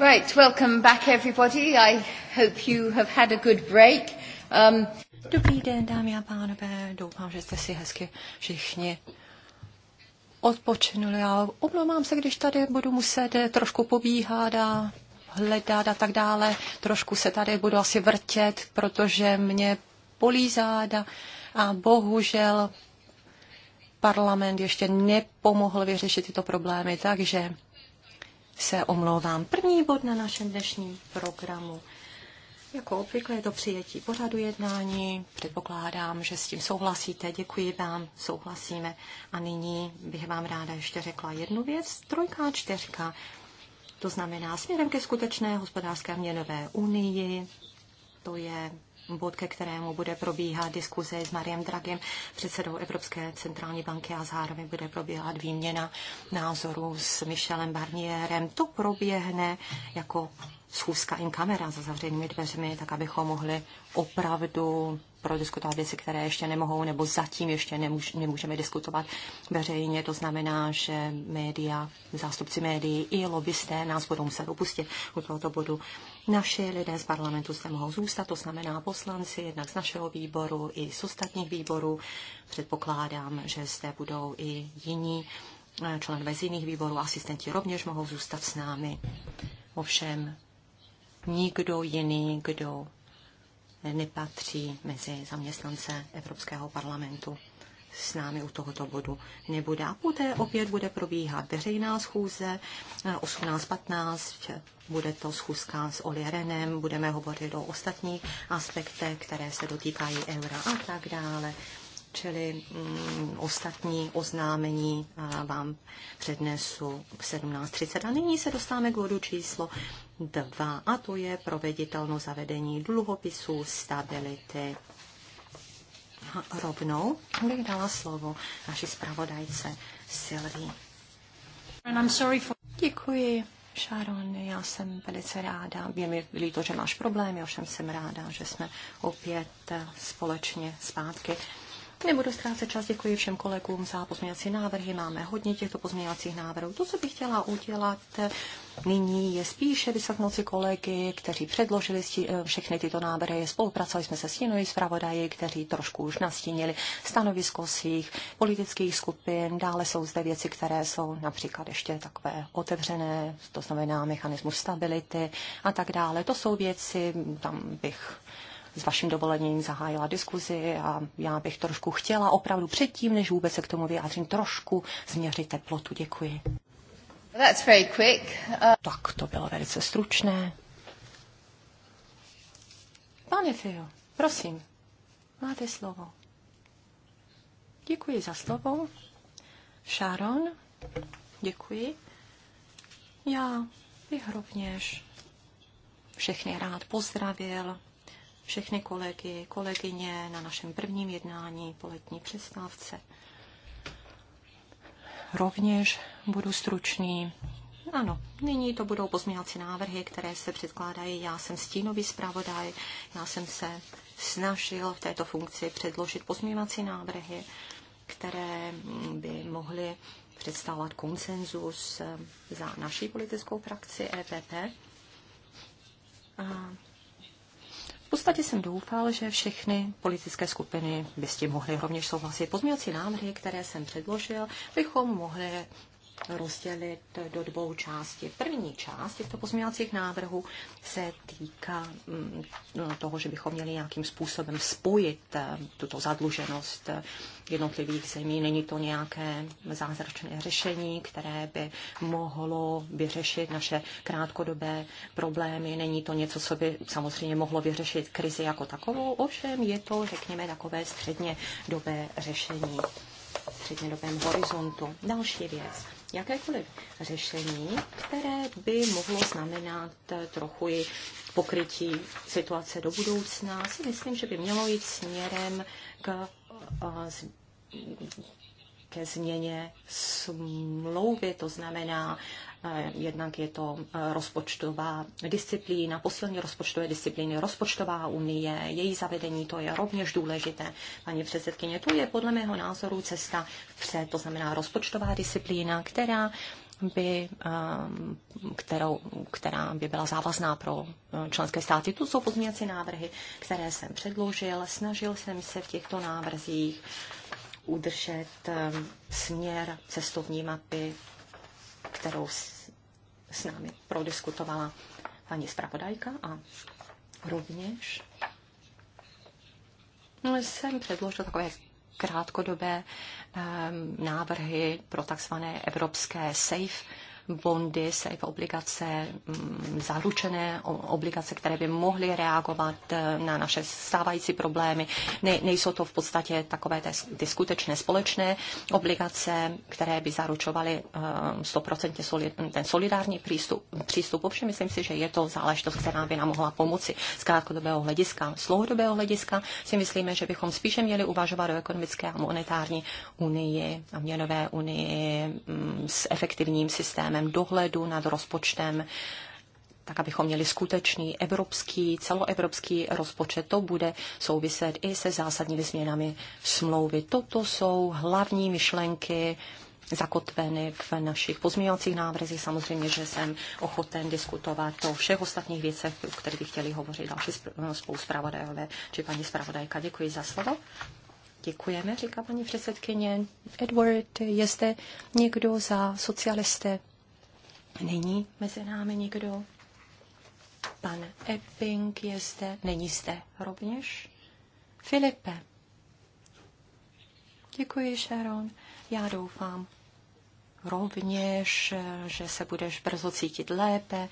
Right, welcome back everybody. I hope you have had a good break. Um... Dobrý den, dámy a pánové. Doufám, že jste si hezky všichni odpočinuli Já omlouvám se, když tady budu muset trošku pobíhat a hledat a tak dále. Trošku se tady budu asi vrtět, protože mě bolí záda a bohužel parlament ještě nepomohl vyřešit tyto problémy, takže se omlouvám. První bod na našem dnešním programu. Jako obvykle je to přijetí pořadu jednání. Předpokládám, že s tím souhlasíte. Děkuji vám, souhlasíme. A nyní bych vám ráda ještě řekla jednu věc. Trojka a čtyřka. To znamená směrem ke skutečné hospodářské měnové unii. To je bod, ke kterému bude probíhat diskuze s Mariem Dragem, předsedou Evropské centrální banky a zároveň bude probíhat výměna názorů s Michelem Barnierem. To proběhne jako schůzka in kamera za zavřenými dveřmi, tak abychom mohli opravdu prodiskutovat věci, které ještě nemohou nebo zatím ještě nemůž, nemůžeme diskutovat veřejně. To znamená, že média, zástupci médií i lobbysté nás budou muset opustit u tohoto bodu. Naši lidé z parlamentu se mohou zůstat, to znamená poslanci jednak z našeho výboru i z ostatních výborů. Předpokládám, že zde budou i jiní eh, členové z jiných výborů, asistenti rovněž mohou zůstat s námi. Ovšem nikdo jiný, kdo nepatří mezi zaměstnance Evropského parlamentu s námi u tohoto bodu nebude. A poté opět bude probíhat veřejná schůze 18.15, eh, bude to schůzka s Oli Renem, budeme hovořit o ostatních aspektech, které se dotýkají eura a tak dále. Čili mm, ostatní oznámení eh, vám přednesu 17.30. A nyní se dostáváme k bodu číslo 2 a to je proveditelno zavedení dluhopisů stability. A rovnou bych dala slovo naši zpravodajce Sylvie. Děkuji. Sharon, já jsem velice ráda. Je mi líto, že máš problémy, ovšem jsem ráda, že jsme opět eh, společně zpátky Nebudu ztrácet čas, děkuji všem kolegům za pozměňovací návrhy. Máme hodně těchto pozměňovacích návrhů. To, co bych chtěla udělat nyní, je spíše vyslechnout si kolegy, kteří předložili všechny tyto návrhy. Spolupracovali jsme se s jinými zpravodaji, kteří trošku už nastínili stanovisko svých politických skupin. Dále jsou zde věci, které jsou například ještě takové otevřené, to znamená mechanismus stability a tak dále. To jsou věci, tam bych s vaším dovolením zahájila diskuzi a já bych trošku chtěla opravdu předtím, než vůbec se k tomu vyjádřím, trošku změřit teplotu. Děkuji. That's very quick. Uh... Tak to bylo velice stručné. Pane Fio, prosím, máte slovo. Děkuji za slovo. Sharon, děkuji. Já bych rovněž všechny rád pozdravil všechny kolegy, kolegyně na našem prvním jednání po letní přestávce. Rovněž budu stručný. Ano, nyní to budou pozměňovací návrhy, které se předkládají. Já jsem stínový zpravodaj, já jsem se snažil v této funkci předložit pozměňovací návrhy, které by mohly představovat konsenzus za naší politickou frakci EPP. A v podstatě jsem doufal, že všechny politické skupiny by s tím mohly rovněž souhlasit. Pozměňovací návrhy, které jsem předložil, bychom mohli rozdělit do dvou částí. První část těchto pozměňovacích návrhů se týká mm, no, toho, že bychom měli nějakým způsobem spojit eh, tuto zadluženost eh, jednotlivých zemí. Není to nějaké zázračné řešení, které by mohlo vyřešit naše krátkodobé problémy. Není to něco, co by samozřejmě mohlo vyřešit krizi jako takovou, ovšem je to, řekněme, takové středně dobé řešení v střednědobém horizontu. Další věc jakékoliv řešení, které by mohlo znamenat trochu i pokrytí situace do budoucna, si myslím, že by mělo jít směrem k ke změně smlouvy, to znamená, eh, jednak je to eh, rozpočtová disciplína, posilní rozpočtové disciplíny, rozpočtová unie, její zavedení, to je rovněž důležité. Paní předsedkyně, to je podle mého názoru cesta vpřed, to znamená rozpočtová disciplína, která by, eh, kterou, která by byla závazná pro členské státy. Tu jsou pozměňovací návrhy, které jsem předložil. Snažil jsem se v těchto návrzích udržet ehm, směr cestovní mapy, kterou s námi prodiskutovala paní zpravodajka a rovněž No, jsem předložil takové krátkodobé um, návrhy pro takzvané evropské SAFE bondy, safe jako obligace, mm, zaručené obligace, které by mohly reagovat eh, na naše stávající problémy. Ne, nejsou to v podstatě takové té, ty skutečné společné obligace, které by zaručovaly 100% eh, solid, ten solidární přístup. přístup. Ovšem myslím si, že je to záležitost, která by nám mohla pomoci z krátkodobého hlediska. Z dlouhodobého hlediska si myslíme, že bychom spíše měli uvažovat o ekonomické a monetární unii a měnové unii mm, s efektivním systémem systémem dohledu nad rozpočtem, tak abychom měli skutečný evropský, celoevropský rozpočet. To bude souviset i se zásadními změnami smlouvy. Toto jsou hlavní myšlenky zakotveny v našich pozměňovacích návrzích. Samozřejmě, že jsem ochoten diskutovat o všech ostatních věcech, o kterých by chtěli hovořit další spoluzpravodajové či paní zpravodajka. Děkuji za slovo. Děkujeme, říká paní předsedkyně. Edward, jste někdo za socialisté? Není mezi námi nikdo. Pan Epping je zde. Není zde rovněž. Filipe. Děkuji, Sharon. Já doufám rovněž, že se budeš brzo cítit lépe.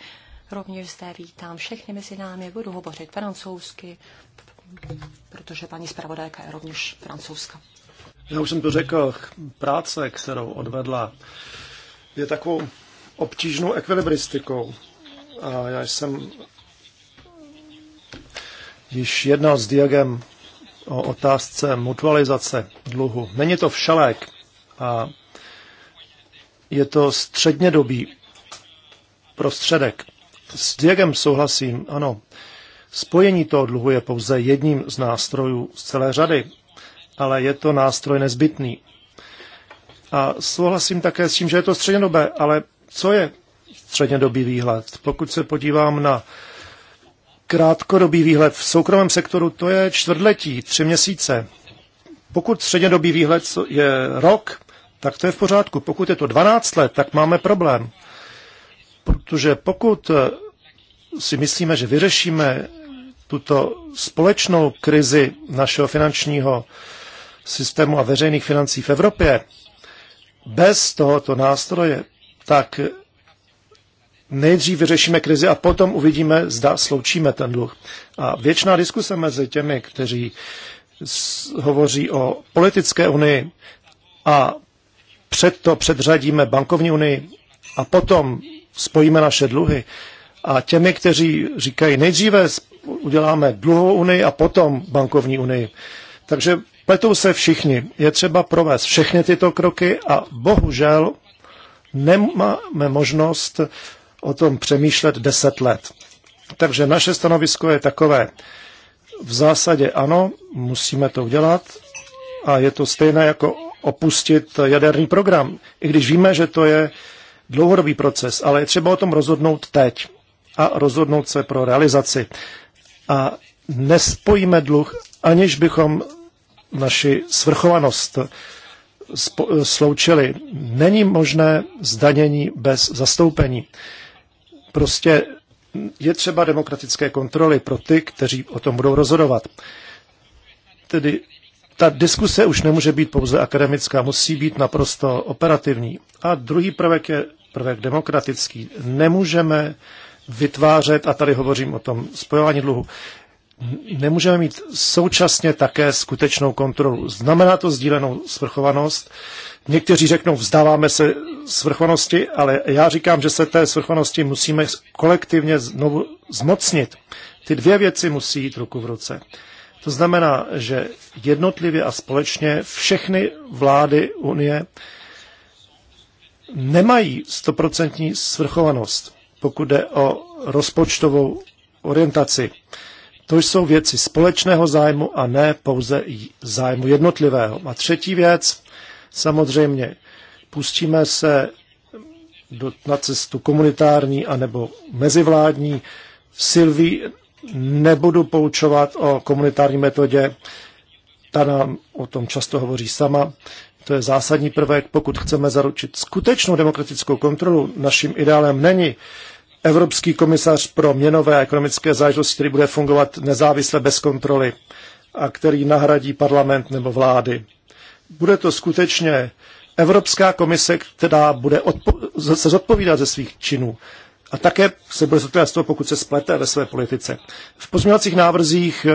Rovněž zde vítám všechny mezi námi. Budu hovořit francouzsky, protože paní zpravodajka je rovněž francouzska. Já už jsem to řekl, práce, kterou odvedla, je takovou obtížnou ekvilibristikou. A já jsem již jednal s Diagem o otázce mutualizace dluhu. Není to všelék a je to střednědobý prostředek. S Diagem souhlasím, ano. Spojení toho dluhu je pouze jedním z nástrojů z celé řady, ale je to nástroj nezbytný. A souhlasím také s tím, že je to střednědobé, ale co je střednědobý výhled? Pokud se podívám na krátkodobý výhled v soukromém sektoru, to je čtvrtletí, tři měsíce. Pokud střednědobý výhled je rok, tak to je v pořádku. Pokud je to 12 let, tak máme problém. Protože pokud si myslíme, že vyřešíme tuto společnou krizi našeho finančního systému a veřejných financí v Evropě bez tohoto nástroje, tak nejdřív vyřešíme krizi a potom uvidíme, zda sloučíme ten dluh. A věčná diskuse mezi těmi, kteří hovoří o politické unii a předto předřadíme bankovní unii a potom spojíme naše dluhy. A těmi, kteří říkají, nejdříve uděláme dluhovou unii a potom bankovní unii. Takže pletou se všichni. Je třeba provést všechny tyto kroky a bohužel nemáme možnost o tom přemýšlet deset let. Takže naše stanovisko je takové. V zásadě ano, musíme to udělat a je to stejné jako opustit jaderný program. I když víme, že to je dlouhodobý proces, ale je třeba o tom rozhodnout teď a rozhodnout se pro realizaci. A nespojíme dluh, aniž bychom naši svrchovanost Eh, sloučili. Není možné zdanění bez zastoupení. Prostě je třeba demokratické kontroly pro ty, kteří o tom budou rozhodovat. Tedy ta diskuse už nemůže být pouze akademická, musí být naprosto operativní. A druhý prvek je prvek demokratický. Nemůžeme vytvářet, a tady hovořím o tom spojování dluhu, nemůžeme mít současně také skutečnou kontrolu. Znamená to sdílenou svrchovanost. Někteří řeknou, vzdáváme se svrchovanosti, ale já říkám, že se té svrchovanosti musíme kolektivně znovu zmocnit. Ty dvě věci musí jít ruku v ruce. To znamená, že jednotlivě a společně všechny vlády Unie nemají stoprocentní svrchovanost, pokud jde o rozpočtovou orientaci. To jsou věci společného zájmu a ne pouze zájmu jednotlivého. A třetí věc, samozřejmě, pustíme se do, na cestu komunitární anebo mezivládní. Silví nebudu poučovat o komunitární metodě, ta nám o tom často hovoří sama. To je zásadní prvek, pokud chceme zaručit skutečnou demokratickou kontrolu. Naším ideálem není evropský komisař pro měnové a ekonomické záležitosti, který bude fungovat nezávisle bez kontroly a který nahradí parlament nebo vlády. Bude to skutečně Evropská komise, která bude se zodpovídat ze svých činů a také se bude zodpovídat z toho, pokud se splete ve své politice. V pozměňovacích návrzích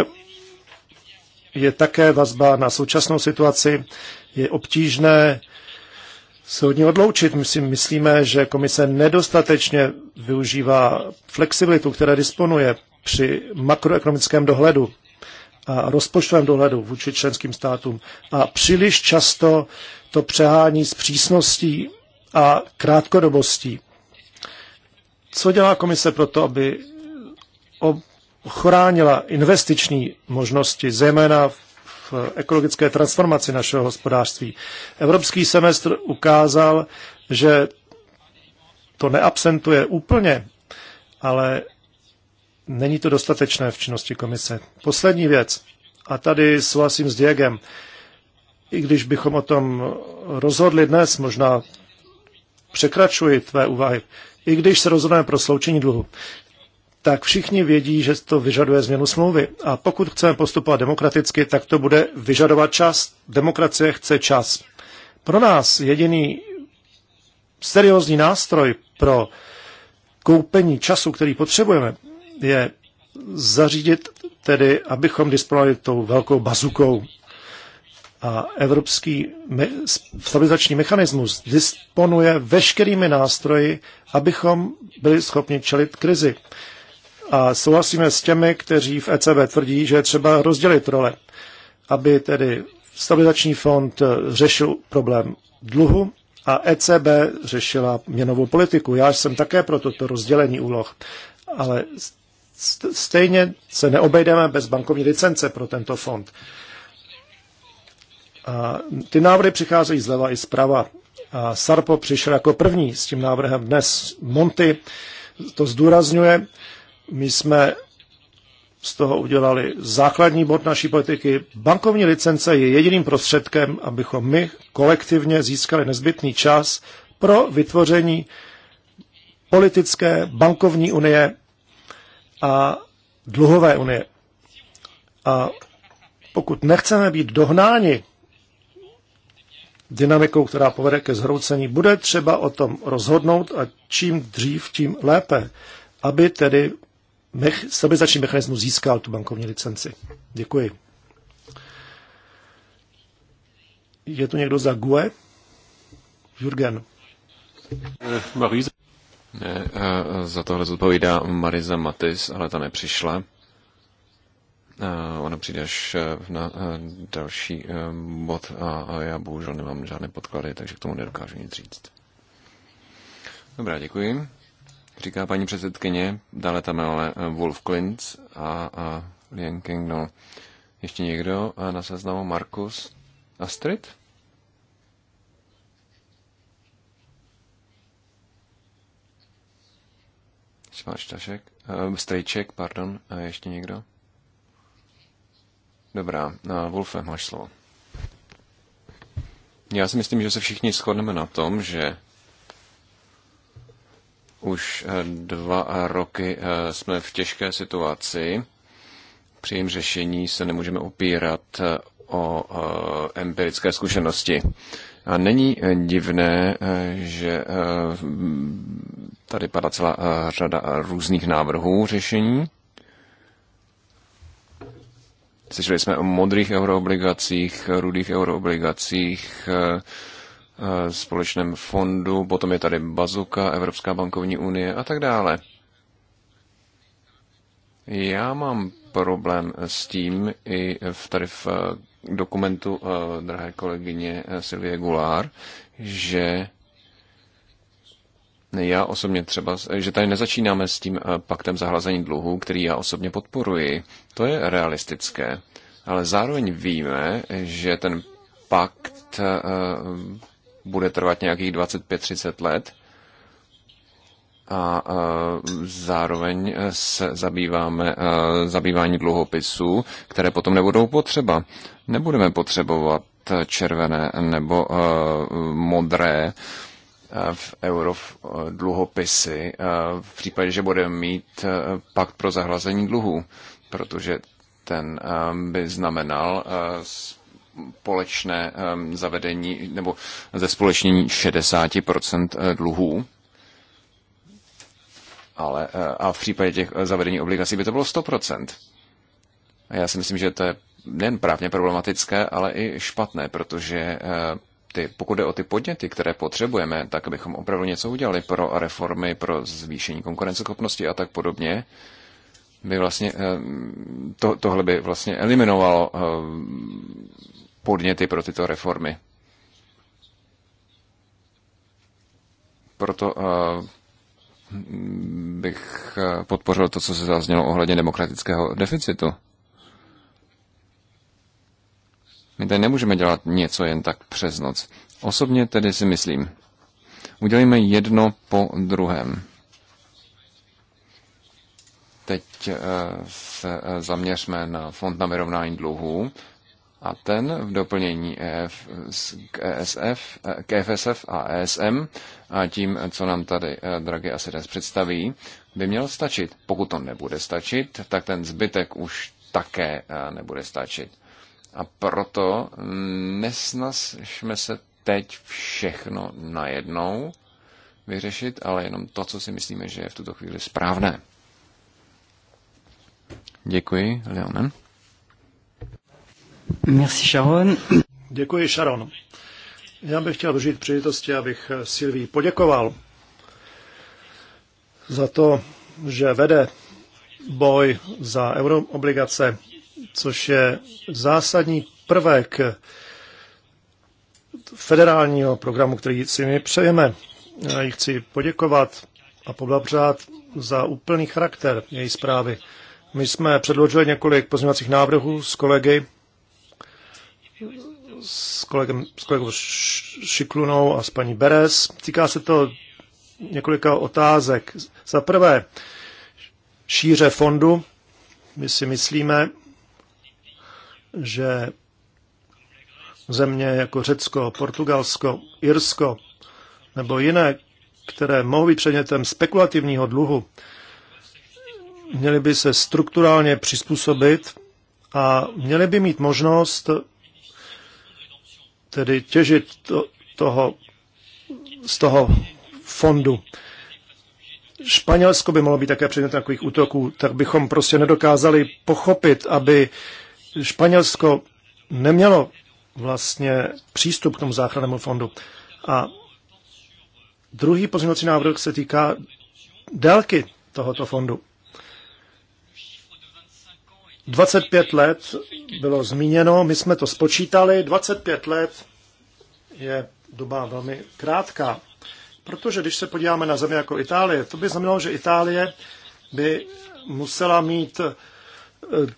je také vazba na současnou situaci. Je obtížné se od ní odloučit. My si myslíme, že komise nedostatečně využívá flexibilitu, která disponuje při makroekonomickém dohledu a rozpočtovém dohledu vůči členským státům. A příliš často to přehání s přísností a krátkodobostí. Co dělá komise pro to, aby ochránila investiční možnosti, zejména v ekologické transformaci našeho hospodářství. Evropský semestr ukázal, že to neabsentuje úplně, ale není to dostatečné v činnosti komise. Poslední věc, a tady souhlasím s Diegem, i když bychom o tom rozhodli dnes, možná překračuji tvé úvahy, i když se rozhodneme pro sloučení dluhu tak všichni vědí, že to vyžaduje změnu smlouvy. A pokud chceme postupovat demokraticky, tak to bude vyžadovat čas. Demokracie chce čas. Pro nás jediný seriózní nástroj pro koupení času, který potřebujeme, je zařídit tedy, abychom disponovali tou velkou bazukou. A evropský me- stabilizační mechanismus disponuje veškerými nástroji, abychom byli schopni čelit krizi. A souhlasíme s těmi, kteří v ECB tvrdí, že je třeba rozdělit role, aby tedy stabilizační fond eh, řešil problém dluhu a ECB řešila měnovou politiku. Já jsem také pro toto rozdělení úloh, ale stejně se neobejdeme bez bankovní licence pro tento fond. A ty návrhy přicházejí zleva i zprava. A Sarpo přišel jako první s tím návrhem dnes. Monty to zdůrazňuje my jsme z toho udělali základní bod naší politiky. Bankovní licence je jediným prostředkem, abychom my kolektivně získali nezbytný čas pro vytvoření politické bankovní unie a dluhové unie. A pokud nechceme být dohnáni dynamikou, která povede ke zhroucení, bude třeba o tom rozhodnout a čím dřív, tím lépe, aby tedy mech, stabilizační mechanismus získal tu bankovní licenci. Děkuji. Je tu někdo za GUE? Jurgen. Ne, eh, za tohle zodpovídá Mariza Matis, ale ta nepřišla. Eh, ona přijde až eh, na další bod a já bohužel nemám žádné podklady, takže k tomu nedokážu nic říct. Dobrá, děkuji. Říká paní předsedkyně, dále tam ale eh, Wolf Klintz a, a King, No, Ještě někdo a eh, na seznamu Markus Astrid? Šváč Tašek, uh, Strejček, pardon, a ještě někdo? Dobrá, na Wolfe máš slovo. Já si myslím, že se všichni shodneme na tom, že už eh, dva eh, roky eh, jsme v těžké situaci. Při jejím řešení se nemůžeme opírat o empirické zkušenosti. A není divné, že tady padá celá řada různých návrhů řešení. Slyšeli jsme o modrých euroobligacích, rudých euroobligacích, Eh, společném fondu, potom je tady Bazuka, Evropská bankovní unie a tak dále. Já mám problém s tím i v, tady v eh, dokumentu eh, drahé kolegyně Silvie Gulár, že já osobně třeba, že tady nezačínáme s tím paktem zahlazení dluhu, který já osobně podporuji. To je realistické. Ale zároveň víme, že ten pakt bude trvat nějakých 25-30 let. A zároveň se zabýváme zabývání dluhopisů, které potom nebudou potřeba. Nebudeme potřebovat červené nebo modré v euro v dluhopisy v případě, že budeme mít pakt pro zahlazení dluhů, protože ten by znamenal společné zavedení nebo ze společnění 60% eh, dluhů. Ale, eh, a v případě těch eh, zavedení obligací by to bylo 100%. A já si myslím, že to je nejen právně problematické, ale i špatné, protože ty, pokud jde o ty podněty, které potřebujeme, tak bychom opravdu něco udělali pro reformy, pro zvýšení konkurenceschopnosti a tak podobně, by vlastně, eh, to, tohle by vlastně eliminovalo eh, podněty pro tyto reformy. Proto eh, bych podpořil to, co se zaznělo ohledně demokratického deficitu. My tady nemůžeme dělat něco jen tak přes noc. Osobně tedy si myslím, udělíme jedno po druhém teď eh, se eh, zaměřme na fond na vyrovnání dluhů a ten v doplnění EF, k, ESF, eh, k FSF e a ESM a tím, co nám tady dragy asi dnes představí, by měl stačit. Pokud to nebude stačit, tak ten zbytek už také nebude stačit. A proto nesnažme se teď všechno najednou vyřešit, ale jenom to, co si myslíme, že je v tuto chvíli správné. Děkuji, Leonen. Merci, Sharon. Děkuji, Sharon. Já bych chtěl využít příležitosti, abych Silví poděkoval za to, že vede boj za euroobligace, což je zásadní prvek federálního programu, který si my přejeme. Já jí chci poděkovat a poblabřát za úplný charakter její zprávy. My jsme předložili několik pozměňovacích návrhů s kolegy, s, kolegem, s kolegou Šiklunou a s paní Beres. Týká se to několika otázek. Za prvé, šíře fondu. My si myslíme, že země jako Řecko, Portugalsko, Irsko nebo jiné, které mohou být předmětem spekulativního dluhu, měli by se strukturálně přizpůsobit a měli by mít možnost tedy těžit to, toho, z toho fondu. Španělsko by mohlo být také předmět takových útoků, tak bychom prostě nedokázali pochopit, aby Španělsko nemělo vlastně přístup k tomu záchrannému fondu. A druhý pozměňovací návrh se týká délky tohoto fondu. 25 let bylo zmíněno, my jsme to spočítali, 25 let je doba velmi krátká, protože když se podíváme na země jako Itálie, to by znamenalo, že Itálie by musela mít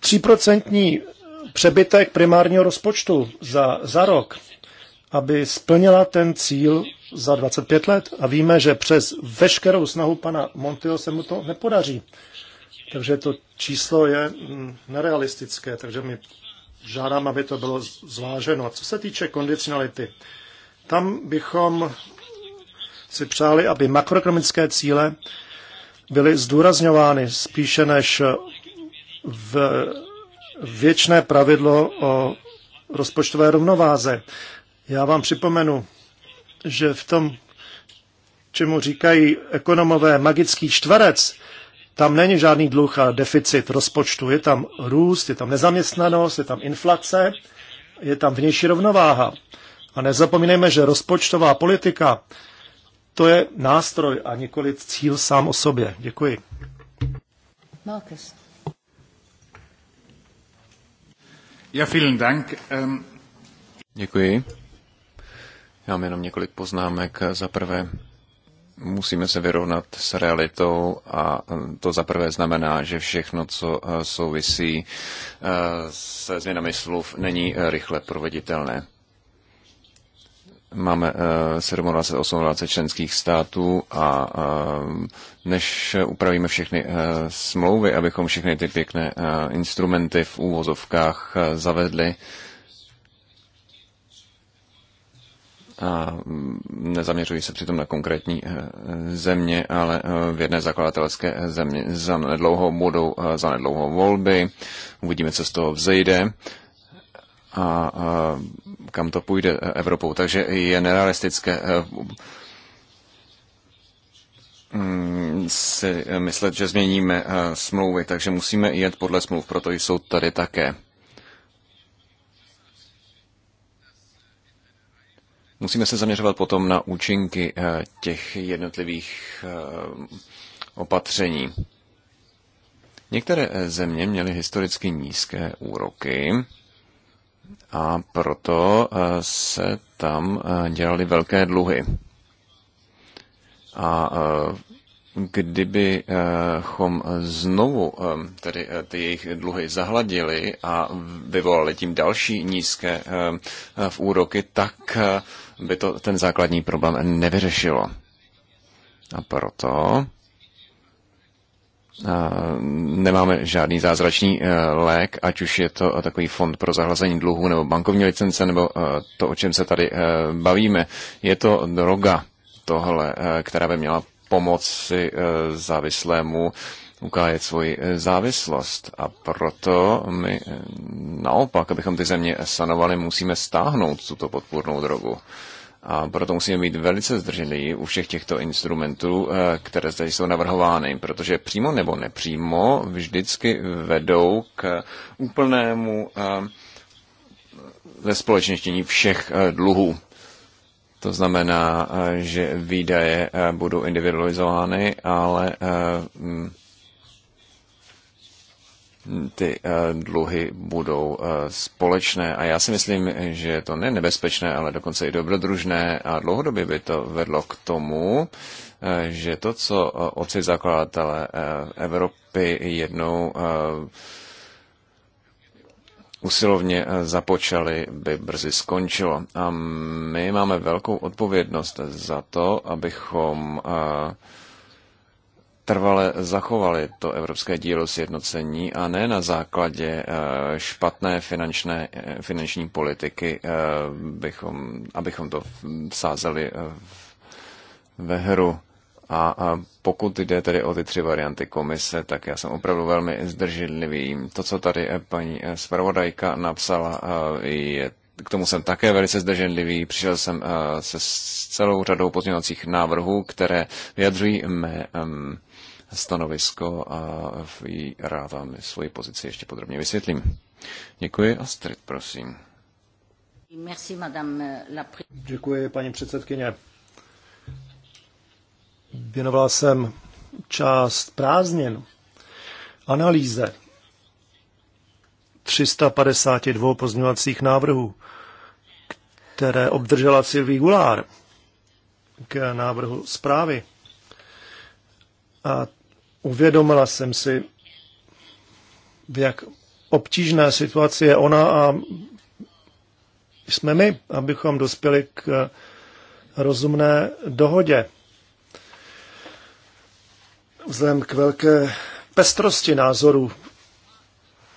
3% eh, přebytek primárního rozpočtu za, za rok, aby splnila ten cíl za 25 let. A víme, že přes veškerou snahu pana Montyho se mu to nepodaří. Takže to číslo je mm, nerealistické, takže my žádám, aby to bylo zváženo. Co se týče kondicionality, tam bychom si přáli, aby makroekonomické cíle byly zdůrazňovány spíše než v věčné pravidlo o rozpočtové rovnováze. Já vám připomenu, že v tom, čemu říkají ekonomové magický čtverec, tam není žádný dluh a deficit rozpočtu, je tam růst, je tam nezaměstnanost, je tam inflace, je tam vnější rovnováha. A nezapomínejme, že rozpočtová politika to je nástroj a nikoli cíl sám o sobě. Děkuji. Marcus. Ja, vielen Dank. Um... Děkuji. Já mám jenom několik poznámek. Za prvé, musíme se vyrovnat s realitou a to zaprvé znamená, že všechno, co eh, souvisí eh, se změnami slov, není eh, rychle proveditelné. Máme 27, 28 členských států a než upravíme všechny smlouvy, abychom všechny ty pěkné instrumenty v úvozovkách zavedli, a nezaměřují se přitom na konkrétní eh, země, ale eh, v jedné zakladatelské eh, země za nedlouho budou za nedlouho volby, uvidíme, co z toho vzejde a kam to půjde Evropou. Takže je nerealistické mm, si myslet, že změníme smlouvy, takže musíme jet podle smluv, proto jsou tady také. Musíme se zaměřovat potom na účinky eh, těch jednotlivých eh, opatření. Některé eh, země měly historicky nízké úroky a proto se tam dělaly velké dluhy. A kdybychom znovu tedy ty jejich dluhy zahladili a vyvolali tím další nízké v úroky, tak by to ten základní problém nevyřešilo. A proto nemáme žádný zázračný e, lék, ať už je to takový fond pro zahlazení dluhů nebo bankovní licence, nebo e, to, o čem se tady e, bavíme. Je to droga tohle, která by měla pomoci závislému ukájet svoji závislost. A proto my naopak, abychom ty země sanovali, musíme stáhnout tuto podpůrnou drogu. A proto musíme být velice zdrženliví u všech těchto instrumentů, eh, které zde jsou navrhovány, protože přímo nebo nepřímo vždycky vedou k úplnému eh, společnění všech eh, dluhů. To znamená, že výdaje budou individualizovány, ale ty eh, dluhy budou eh, společné. A já si myslím, že je to není nebezpečné, ale dokonce i dobrodružné a dlouhodobě by to vedlo k tomu, eh, že to, co oci zakladatele Evropy jednou usilovně započali, by brzy skončilo. A my máme velkou odpovědnost za to, abychom uh, trvale zachovali to evropské dílo sjednocení a ne na základě eh, špatné finančné, eh, finanční politiky, eh, bychom, abychom to sázeli ve hru. A pokud jde tedy o ty tři varianty komise, tak já jsem opravdu velmi zdrženlivý. To, co tady paní spravodajka napsala, je k tomu jsem také velice zdrženlivý. Přišel jsem se s celou řadou pozměňovacích návrhů, které vyjadřují mé um, stanovisko a rád vám svoji pozici ještě podrobně vysvětlím. Děkuji. Astrid, prosím. Euh, Děkuji, paní předsedkyně. Věnoval jsem část prázdnin analýze 352 pozměňovacích návrhů, které obdržela Sylvie Gulár k návrhu zprávy. A uvědomila jsem si, v jak obtížné situaci je ona a jsme my, abychom dospěli k rozumné dohodě. Vzhledem k velké pestrosti názorů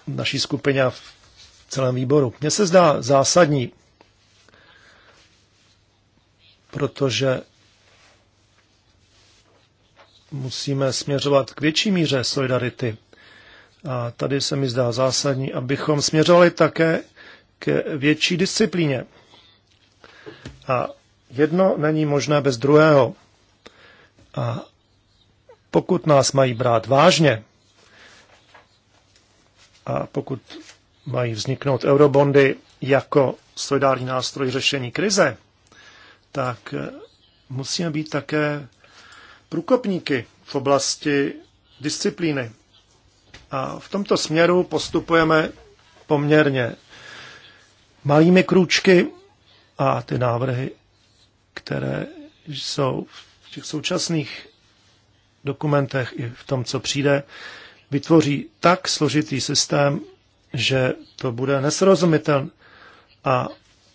v naší skupině a v celém výboru. Mně se zdá zásadní, protože musíme směřovat k větší míře solidarity. A tady se mi zdá zásadní, abychom směřovali také k větší disciplíně. A jedno není možné bez druhého. A pokud nás mají brát vážně, a pokud mají vzniknout eurobondy jako solidární nástroj řešení krize, tak musíme být také průkopníky v oblasti disciplíny. A v tomto směru postupujeme poměrně malými krůčky a ty návrhy, které jsou v těch současných dokumentech i v tom, co přijde, vytvoří tak složitý systém, že to bude nesrozumitelné a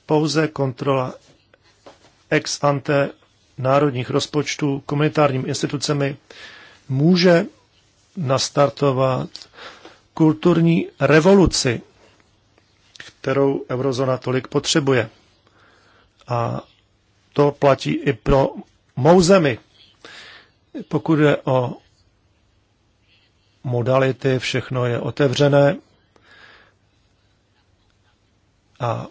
pouze kontrola ex ante národních rozpočtů komunitárním institucemi může nastartovat kulturní revoluci, kterou eurozona tolik potřebuje. A to platí i pro mou zemi. Pokud je o modality, všechno je otevřené. A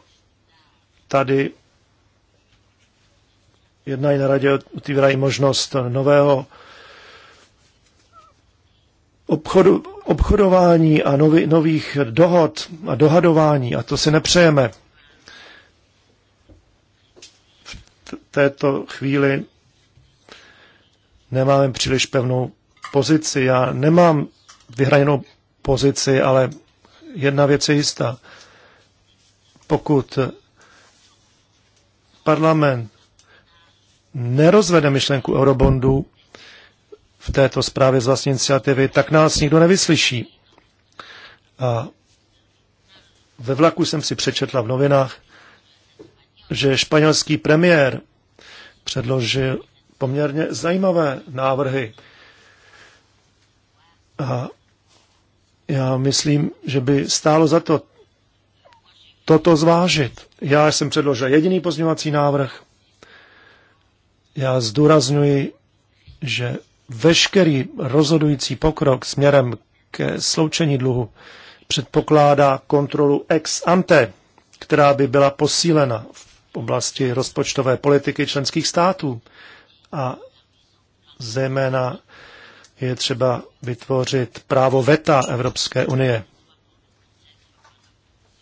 tady jednají na radě otvírají možnost nového obchodu, obchodování a nový, nových dohod a dohadování a to si nepřejeme. V této chvíli nemáme příliš pevnou pozici. Já nemám vyhraněnou pozici, ale jedna věc je jistá. Pokud parlament nerozvede myšlenku eurobondu v této zprávě z vlastní iniciativy, tak nás nikdo nevyslyší. A ve vlaku jsem si přečetla v novinách, že španělský premiér předložil poměrně zajímavé návrhy. A já myslím, že by stálo za to toto zvážit. Já jsem předložil jediný pozměňovací návrh, já zdůraznuji, že veškerý rozhodující pokrok směrem ke sloučení dluhu předpokládá kontrolu ex ante, která by byla posílena v oblasti rozpočtové politiky členských států. A zejména je třeba vytvořit právo VETA Evropské unie.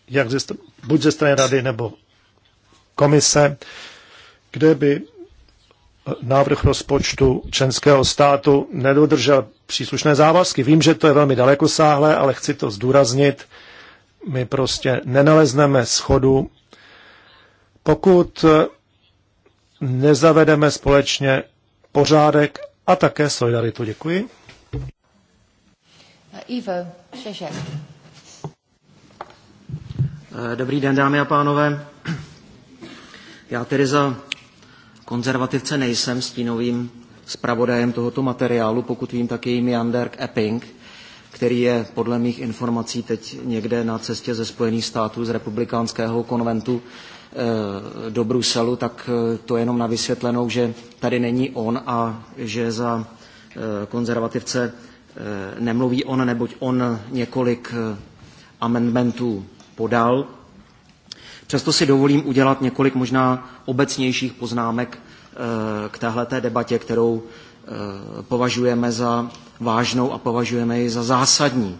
Jak ze, buď ze strany rady nebo komise, kde by návrh rozpočtu členského státu nedodržel příslušné závazky. Vím, že to je velmi dalekosáhlé, ale chci to zdůraznit. My prostě nenalezneme schodu, pokud nezavedeme společně pořádek a také solidaritu. Děkuji. Ivo Šešek. Eh, dobrý den, dámy a pánové. Já tedy za konzervativce nejsem stínovým zpravodajem tohoto materiálu, pokud vím, tak je jim Janderk Epping, který je podle mých informací teď někde na cestě ze Spojených států z republikánského konventu eh, do Bruselu, tak eh, to jenom na vysvětlenou, že tady není on a že za eh, konzervativce nemluví on, neboť on několik amendmentů podal Přesto si dovolím udělat několik možná obecnějších poznámek eh, k téhleté debatě, kterou eh, považujeme za vážnou a považujeme ji za zásadní.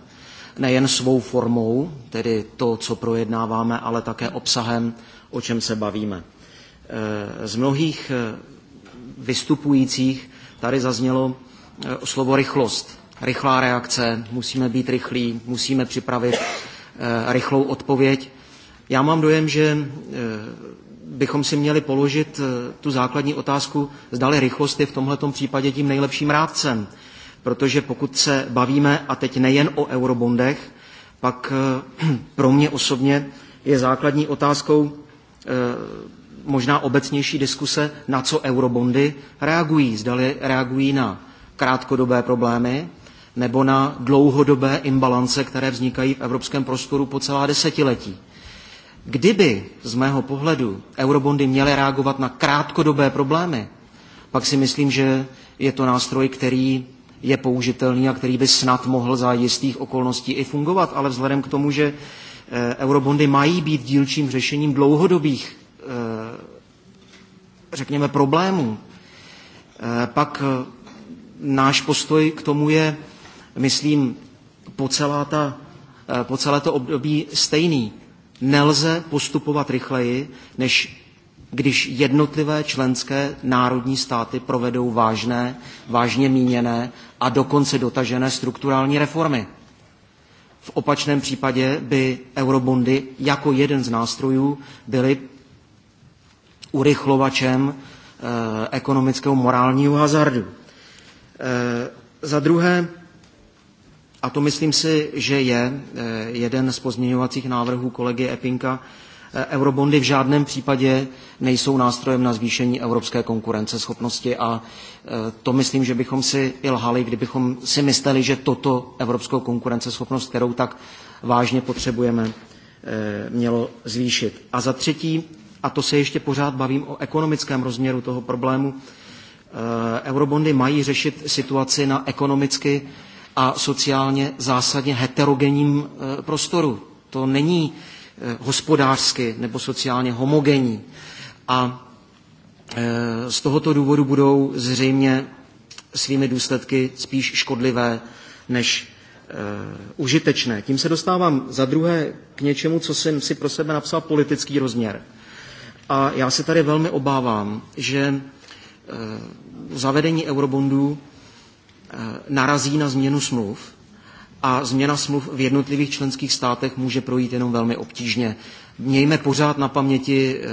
Nejen svou formou, tedy to, co projednáváme, ale také obsahem, o čem se bavíme. Eh, z mnohých vystupujících tady zaznělo slovo rychlost. Rychlá reakce, musíme být rychlí, musíme připravit rychlou odpověď. Já mám dojem, že eh, bychom si měli položit eh, tu základní otázku, zdali rychlost je v tomto případě tím nejlepším rádcem. Protože pokud se bavíme, a teď nejen o eurobondech, pak eh, pro mě osobně je základní otázkou možná obecnější diskuse, na co eurobondy reagují. Zdali reagují na krátkodobé problémy nebo na dlouhodobé imbalance, které vznikají v evropském prostoru po celá desetiletí. Kdyby z mého pohledu eurobondy měly reagovat na krátkodobé problémy, pak si myslím, že je to nástroj, který je použitelný a který by snad mohl za jistých okolností i fungovat, ale vzhledem k tomu, že eh, eurobondy mají být dílčím řešením dlouhodobých, eh, řekněme, problémů, eh, pak náš postoj k tomu je, myslím, po, celá ta, po celé to období stejný nelze postupovat rychleji, než když jednotlivé členské národní státy provedou vážné, vážně míněné a dokonce dotažené strukturální reformy. V opačném případě by eurobondy jako jeden z nástrojů byly urychlovačem eh, ekonomického morálního hazardu. Eh, za druhé, a to myslím si, že je eh, jeden z pozměňovacích návrhů kolegy Epinka. Eh, eurobondy v žádném případě nejsou nástrojem na zvýšení evropské konkurenceschopnosti a eh, to myslím, že bychom si i lhali, kdybychom si mysleli, že toto evropskou konkurenceschopnost, kterou tak vážně potřebujeme, mělo zvýšit. A za třetí, a to se ještě pořád bavím o ekonomickém rozměru toho problému, eurobondy mají řešit situaci na ekonomicky a sociálně zásadně heterogenním eh, prostoru. To není eh, hospodářsky nebo sociálně homogenní. A eh, z tohoto důvodu budou zřejmě svými důsledky spíš škodlivé než užitečné. Tím se dostávám za druhé k něčemu, co jsem si pro sebe napsal politický rozměr. A já se tady velmi obávám, že zavedení eurobondů Eh, narazí na změnu smluv a změna smluv v jednotlivých členských státech může projít jenom velmi obtížně. Mějme pořád na paměti eh,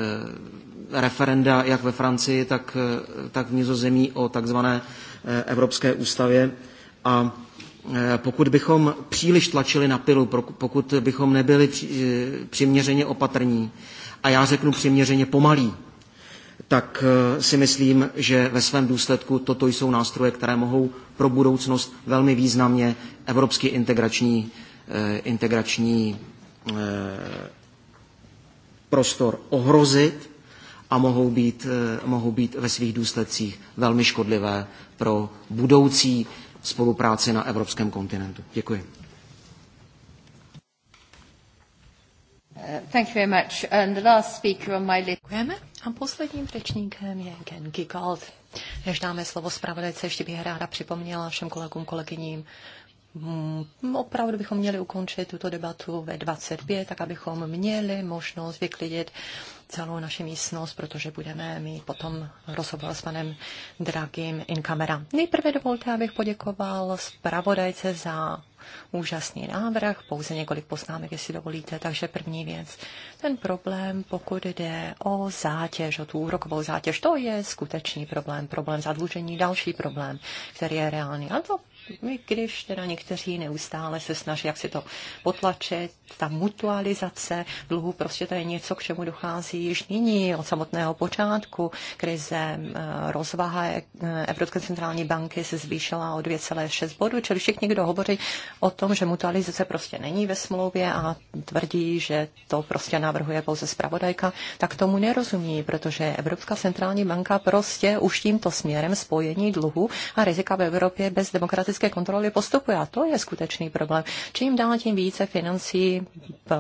referenda jak ve Francii, tak, eh, tak v Nizozemí o takzvané Evropské ústavě a pokud bychom příliš tlačili na pilu, pokud bychom nebyli přiměřeně opatrní, a já řeknu přiměřeně pomalí, tak eh, si myslím, že ve svém důsledku toto jsou nástroje, které mohou pro budoucnost velmi významně evropský integrační, eh, integrační eh, prostor ohrozit a mohou být, mohou být ve svých důsledcích velmi škodlivé pro budoucí spolupráci na evropském kontinentu. Děkuji. Thank you very much. And the last speaker on my list. A posledním řečníkem je Ken Gigold. Než dáme slovo zpravodajce, ještě bych ráda připomněla všem kolegům, kolegyním, mm, opravdu bychom měli ukončit tuto debatu ve 25, tak abychom měli možnost vyklidit celou naši místnost, protože budeme mít potom rozhovor s panem Dragým in camera. Nejprve dovolte, abych poděkoval zpravodajce za úžasný návrh, pouze několik poznámek, jestli dovolíte. Takže první věc, ten problém, pokud jde o zátěž, o tu úrokovou zátěž, to je skutečný problém, problém zadlužení, další problém, který je reálný. A to my, když teda někteří neustále se snaží, jak si to potlačit, ta mutualizace dluhu, prostě to je něco, k čemu dochází již nyní od samotného počátku krize. Eh, rozvaha eh, Evropské centrální banky se zvýšila o 2,6 bodu, čili všichni, kdo hovoří o tom, že mutualizace prostě není ve smlouvě a tvrdí, že to prostě navrhuje pouze zpravodajka, tak tomu nerozumí, protože Evropská centrální banka prostě už tímto směrem spojení dluhu a rizika v Evropě bez demokratické demokratické kontroly postupuje. A to je skutečný problém. Čím dál tím více financí eh,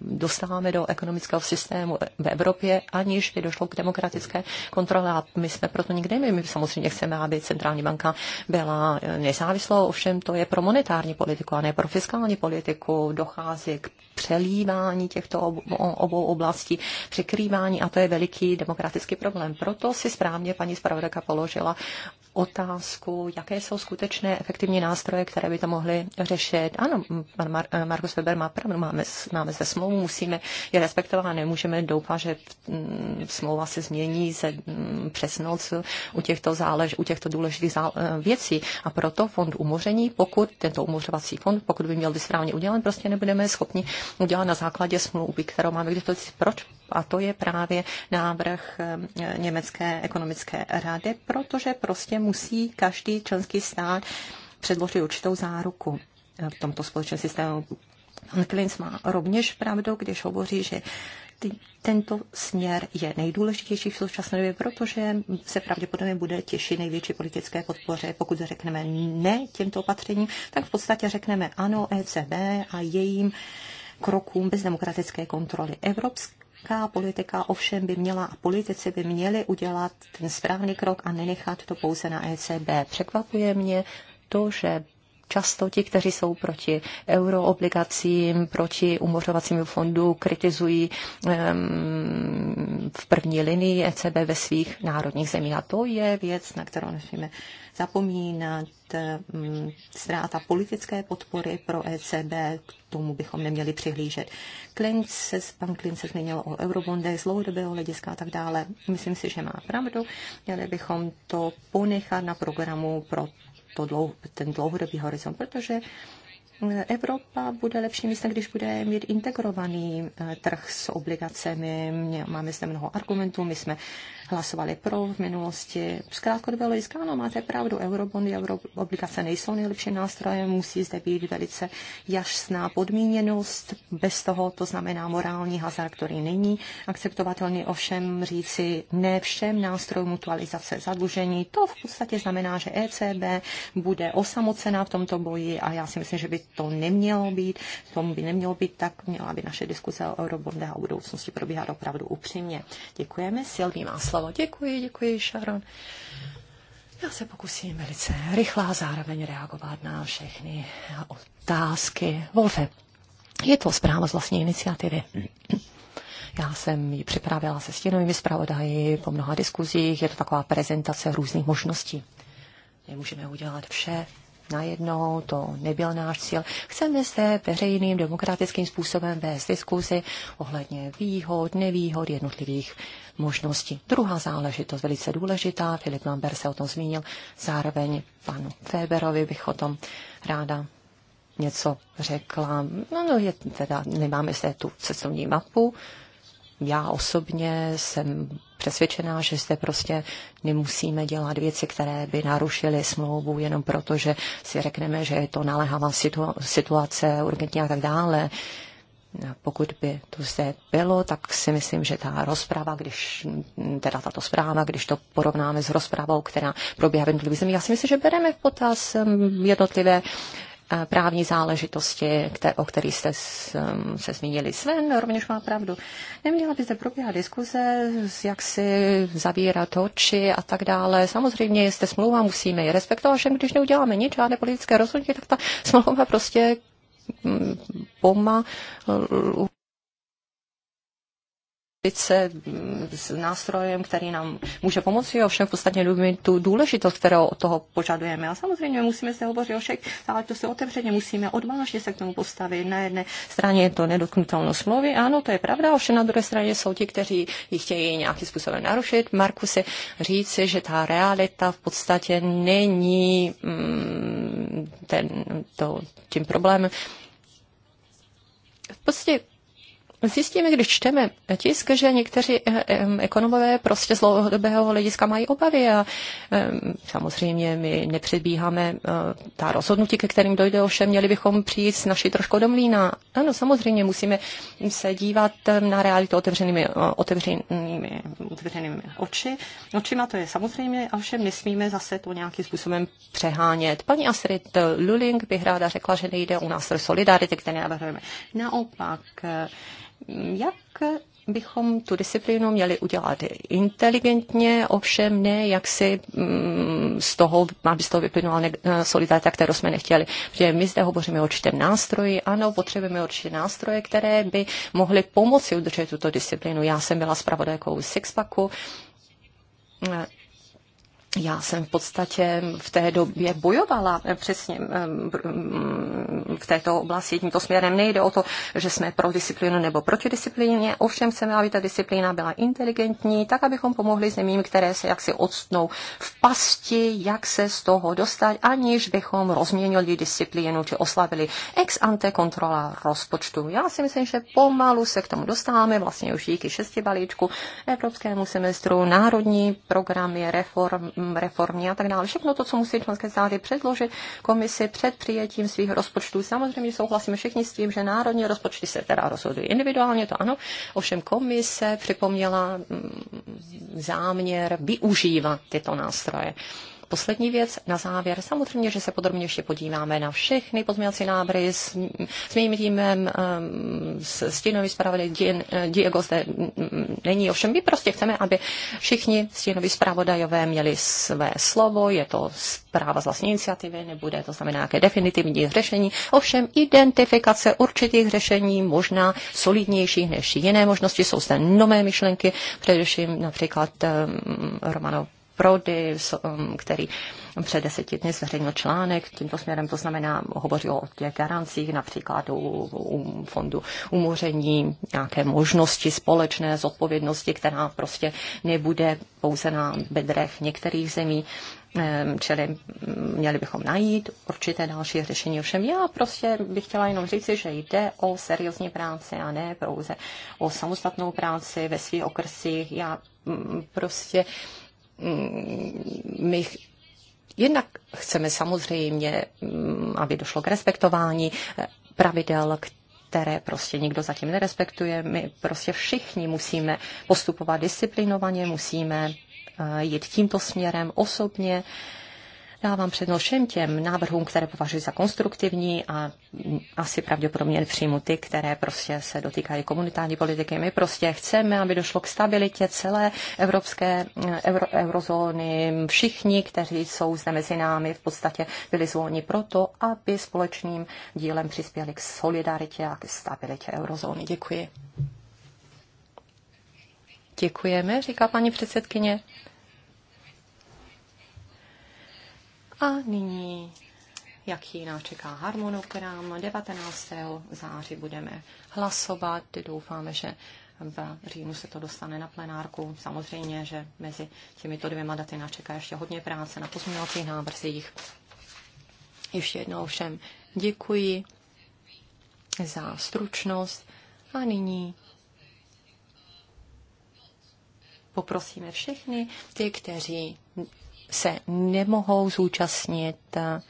dostáváme do ekonomického systému v Evropě, aniž by došlo k demokratické kontrole. A my jsme proto nikdy My, my samozřejmě chceme, aby centrální banka byla eh, nezávislou, ovšem to je pro monetární politiku a ne pro fiskální politiku. Dochází k přelívání těchto obou oblastí, překrývání a to je veliký demokratický problém. Proto si správně paní zpravodajka položila otázku, jaké jsou skutečné efektivní nástroje, které by to mohly řešit. Ano, Mar- Mar- eh, Markus Weber má pravdu, máme, máme ze smlouvu, musíme je respektovat a nemůžeme doufat, že mm, smlouva se změní se, mm, přes noc u těchto, zálež, u těchto důležitých eh, věcí. A proto fond umoření, pokud tento umořovací fond, pokud by měl být správně udělat, prostě nebudeme schopni udělat na základě smlouvy, kterou máme k dispozici. Proč? A to je právě návrh eh, Německé ekonomické rady, protože prostě musí každý členský stát předložili určitou záruku eh, v tomto společném systému. Pan Klinc má rovněž pravdu, když hovoří, že tento směr je nejdůležitější v současné době, protože se pravděpodobně bude těšit největší politické podpoře. Pokud řekneme ne těmto opatřením, tak v podstatě řekneme ano ECB a jejím krokům bez demokratické kontroly. Evropská politika ovšem by měla a politici by měli udělat ten správný krok a nenechat to pouze na ECB. Překvapuje mě to, že často ti, kteří jsou proti euroobligacím, proti umořovacímu fondu, kritizují um, v první linii ECB ve svých národních zemích. A to je věc, na kterou nesmíme zapomínat. Ztráta politické podpory pro ECB, k tomu bychom neměli přihlížet. Klinc se, pan Klinc se zmínil o eurobondech z dlouhodobého hlediska a tak dále. Myslím si, že má pravdu. Měli bychom to ponechat na programu pro to dlou, ten dlouhodobý horizont, protože eh, Evropa bude lepší místem, když bude mít integrovaný eh, trh s obligacemi. Máme zde mnoho argumentů. My jsme hlasovali pro v minulosti. Z krátkodobého hlediska, ano, máte pravdu, eurobondy, euroobligace nejsou nejlepším nástrojem, musí zde být velice jasná podmíněnost, bez toho to znamená morální hazard, který není akceptovatelný, ovšem říci ne všem nástrojům mutualizace zadlužení, to v podstatě znamená, že ECB bude osamocená v tomto boji a já si myslím, že by to nemělo být, tomu by nemělo být tak, měla by naše diskuse o eurobondech a budoucnosti probíhat opravdu upřímně. Děkujeme, Silví má slovo slovo. Děkuji, děkuji, Sharon. Já se pokusím velice rychle a zároveň reagovat na všechny otázky. Wolfe, je to zpráva z vlastní iniciativy. Já jsem ji připravila se stěnovými zpravodaji po mnoha diskuzích. Je to taková prezentace různých možností. My můžeme udělat vše, najednou, to nebyl náš cíl. Chceme se veřejným demokratickým způsobem vést diskuzi ohledně výhod, nevýhod jednotlivých možností. Druhá záležitost, velice důležitá, Filip Lambert se o tom zmínil, zároveň panu Feberovi bych o tom ráda něco řekla. No, no je teda, nemáme se tu cestovní mapu, já osobně jsem přesvědčená, že zde prostě nemusíme dělat věci, které by narušily smlouvu jenom proto, že si řekneme, že je to naléhavá situace, urgentní a tak dále. Pokud by to zde bylo, tak si myslím, že ta rozprava, když, teda tato zpráva, když to porovnáme s rozpravou, která probíhá v jednotlivých zemích, já si myslím, že bereme v potaz um, jednotlivé uh, právní záležitosti, o kterých jste um, se zmínili. Sven rovněž má pravdu. Neměla by zde probíhat diskuze, jak si zavírat oči a tak dále. Samozřejmě, jestli smlouva, musíme ji respektovat, že když neuděláme nic, žádné politické rozhodnutí, tak ta smlouva prostě pomalu mm, dispozice mm, s nástrojem, který nám může pomoci, ovšem v podstatě tu důležitost, kterou od toho požadujeme. A samozřejmě musíme se hovořit o všech se otevřeně, musíme odvážně se k tomu postavit. Na jedné straně je to nedotknutelnost smlouvy, ano, to je pravda, ovšem na druhé straně jsou ti, kteří ji chtějí nějakým způsobem narušit. Marku si říci, že ta realita v podstatě není mm, ten, to, tím problémem. V podstatě Zjistíme, když čteme tisk, že někteří eh, ekonomové prostě z dlouhodobého hlediska mají obavy a samozřejmě my nepředbíháme eh, ta rozhodnutí, ke kterým dojde, ovšem měli bychom přijít s naší trošku do mlína. Ano, samozřejmě musíme se dívat eh, na realitu otevřenými, otevřenými, otevřenými oči. Očima to je samozřejmě, ovšem nesmíme zase to nějakým způsobem přehánět. Paní Astrid Luling bych ráda řekla, že nejde u nás solidarity, které navrhujeme. Naopak, jak bychom tu disciplínu měli udělat inteligentně, ovšem ne, jak si mm, z toho, aby z toho vyplynula eh, solidarita, kterou jsme nechtěli. Protože my zde hovoříme o určitém nástroji, ano, potřebujeme určitě nástroje, které by mohly pomoci udržet tuto disciplínu. Já jsem byla zpravodajkou Sixpacku, já jsem v podstatě v té době bojovala eh, přesně eh, mm, v této oblasti tímto směrem. Nejde o to, že jsme pro disciplínu nebo proti disciplíně, ovšem chceme, aby ta disciplína byla inteligentní, tak abychom pomohli zemím, které se jaksi odstnou v pasti, jak se z toho dostat, aniž bychom rozměnili disciplínu či oslabili ex ante kontrola rozpočtu. Já si myslím, že pomalu se k tomu dostáváme, vlastně už díky šesti balíčku, evropskému semestru, národní programy, reform, Mm, reformě a tak dále. Všechno to, co musí členské státy předložit komisi před přijetím svých rozpočtů. Samozřejmě souhlasíme všichni s tím, že národní rozpočty se teda rozhodují individuálně, to ano. Ovšem komise připomněla mm, záměr využívat tyto nástroje poslední věc na závěr. Samozřejmě, že se podrobně ještě podíváme na všechny pozměňovací návrhy s, s mým týmem, ehm, s stínový zpravodaj Diego zde není. Ovšem, my prostě chceme, aby všichni stínoví zpravodajové měli své slovo. Je to zpráva z vlastní iniciativy, nebude to znamená nějaké definitivní řešení. Ovšem, identifikace určitých řešení, možná solidnějších než jiné možnosti, jsou zde nové myšlenky, především například um, ehm, Romanov Prody, um, který před deseti dny zveřejnil článek tímto směrem, to znamená, hovoří o těch garancích, například u, u fondu umoření, nějaké možnosti společné zodpovědnosti, která prostě nebude pouze na bedrech některých zemí, ehm, čili mm, měli bychom najít určité další řešení. Ovšem já prostě bych chtěla jenom říci, že jde o seriózní práci a ne pouze o samostatnou práci ve svých okrsích. Já mm, prostě Mm, my jednak chceme samozřejmě, mm, aby došlo k respektování eh, pravidel, které prostě nikdo zatím nerespektuje. My prostě všichni musíme postupovat disciplinovaně, musíme eh, jít tímto směrem osobně. Uh, dávám přednost všem těm návrhům, které považuji za konstruktivní a asi pravděpodobně přijmu ty, které prostě se dotýkají komunitární politiky. My prostě chceme, aby došlo k stabilitě celé evropské euro, eurozóny. Všichni, kteří jsou zde mezi námi, v podstatě byli zvolni proto, aby společným dílem přispěli k solidaritě a k stabilitě eurozóny. Děkuji. Děkujeme, říká paní předsedkyně. A nyní, jaký nás čeká harmonogram, 19. září budeme hlasovat, doufáme, že v říjnu se to dostane na plenárku. Samozřejmě, že mezi těmito dvěma daty nás čeká ještě hodně práce na pozměňovacích návrzích. Ještě jednou všem děkuji za stručnost a nyní poprosíme všechny ty, kteří se nemohou zúčastnit eh,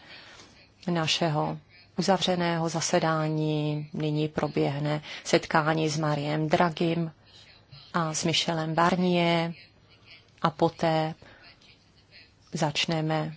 našeho uzavřeného zasedání. Nyní proběhne setkání s Mariem Dragim a s Michelem Barnier a poté začneme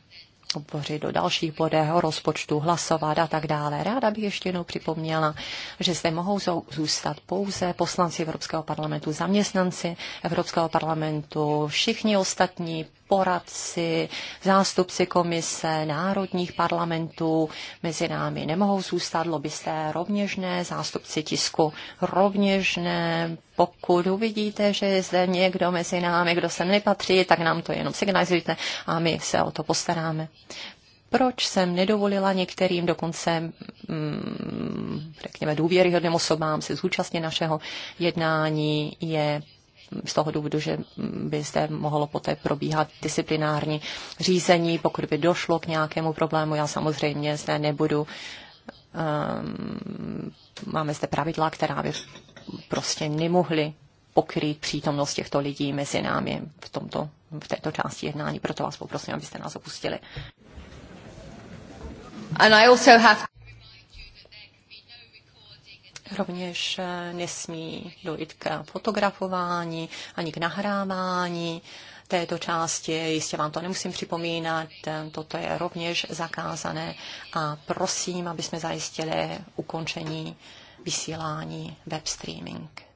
hovořit do dalších bodech, o rozpočtu, hlasovat a tak dále. Ráda bych ještě jednou připomněla, že zde mohou zůstat pouze poslanci Evropského parlamentu, zaměstnanci Evropského parlamentu, všichni ostatní poradci, zástupci komise, národních parlamentů mezi námi nemohou zůstat, lobbysté rovněž ne, zástupci tisku rovněž ne. Pokud uvidíte, že je zde někdo mezi námi, kdo se nepatří, tak nám to jenom signalizujte a my se o to postaráme proč jsem nedovolila některým dokonce, mm, řekněme, důvěryhodným osobám se zúčastnit našeho jednání, je z toho důvodu, že by zde mohlo poté probíhat disciplinární řízení, pokud by došlo k nějakému problému. Já samozřejmě zde nebudu. Ehm, máme zde pravidla, která by prostě nemohly pokrýt přítomnost těchto lidí mezi námi v, tomto, v této části jednání. Proto vás poprosím, abyste nás opustili. And I also have Rovněž eh, nesmí dojít k fotografování ani k nahrávání této části. Jistě vám to nemusím připomínat, eh, toto je rovněž zakázané a prosím, aby jsme zajistili ukončení vysílání web streaming.